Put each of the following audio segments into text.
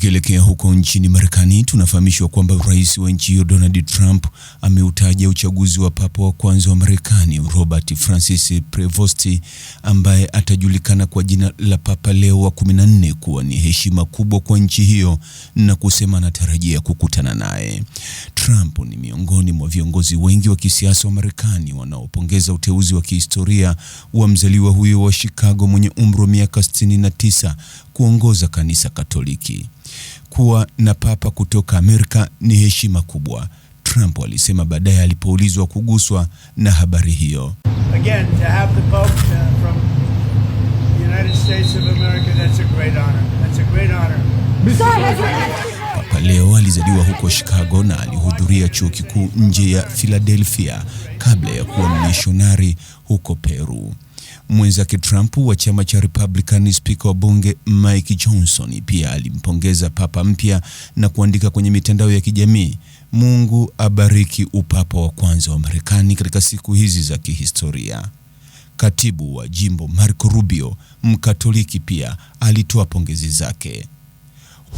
Tukielekea huko nchini Marekani, tunafahamishwa kwamba rais wa nchi hiyo Donald Trump ameutaja uchaguzi wa papa wa kwanza wa Marekani Robert Francis Prevost, ambaye atajulikana kwa jina la Papa Leo wa 14 kuwa ni heshima kubwa kwa nchi hiyo na kusema anatarajia kukutana naye. Trump ni miongoni mwa viongozi wengi wa kisiasa wa Marekani wanaopongeza uteuzi wa kihistoria wa mzaliwa huyo wa Chicago mwenye umri wa miaka 69 kuongoza kanisa Katoliki. Kuwa na papa kutoka Amerika ni heshima kubwa, Trump alisema baadaye alipoulizwa kuguswa na habari hiyo. Again, to have the Pope, uh, from the United States of America, that's a great honor. That's a great honor. Papa Leo alizaliwa huko Chicago na alihudhuria chuo kikuu nje ya Philadelphia kabla ya kuwa mishonari huko Peru. Mwenzake Trump wa chama cha Republican, spika wa bunge Mike Johnson pia alimpongeza papa mpya na kuandika kwenye mitandao ya kijamii, Mungu abariki upapa wa kwanza wa Marekani katika siku hizi za kihistoria. Katibu wa jimbo Marco Rubio, Mkatoliki, pia alitoa pongezi zake.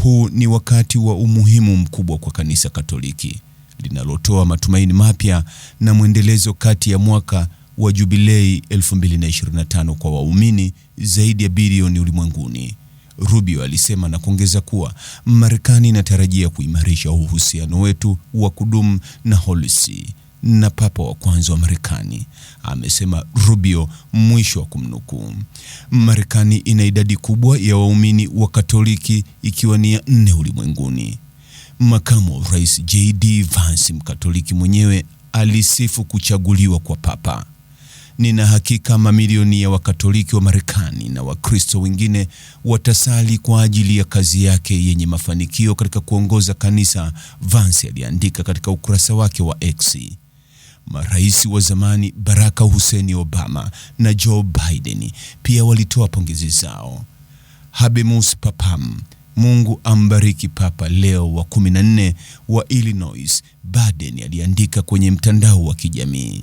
Huu ni wakati wa umuhimu mkubwa kwa kanisa Katoliki linalotoa matumaini mapya na mwendelezo kati ya mwaka wa Jubilei 2025 kwa waumini zaidi ya bilioni ulimwenguni, Rubio alisema na kuongeza kuwa Marekani inatarajia kuimarisha uhusiano wetu wa kudumu na Holisi na papa wa kwanza wa Marekani, amesema Rubio, mwisho wa kumnukuu. Marekani ina idadi kubwa ya waumini wa Katoliki ikiwa ni ya nne ulimwenguni. Makamu wa Rais JD Vance, Mkatoliki mwenyewe, alisifu kuchaguliwa kwa papa. Nina hakika mamilioni ya Wakatoliki wa Marekani na Wakristo wengine watasali kwa ajili ya kazi yake yenye mafanikio katika kuongoza kanisa, Vance aliandika katika ukurasa wake wa X. Marais wa zamani Barack Hussein Obama na Joe Biden pia walitoa pongezi zao. Habemus Papam, Mungu ambariki Papa Leo wa 14 wa Illinois, Biden aliandika kwenye mtandao wa kijamii.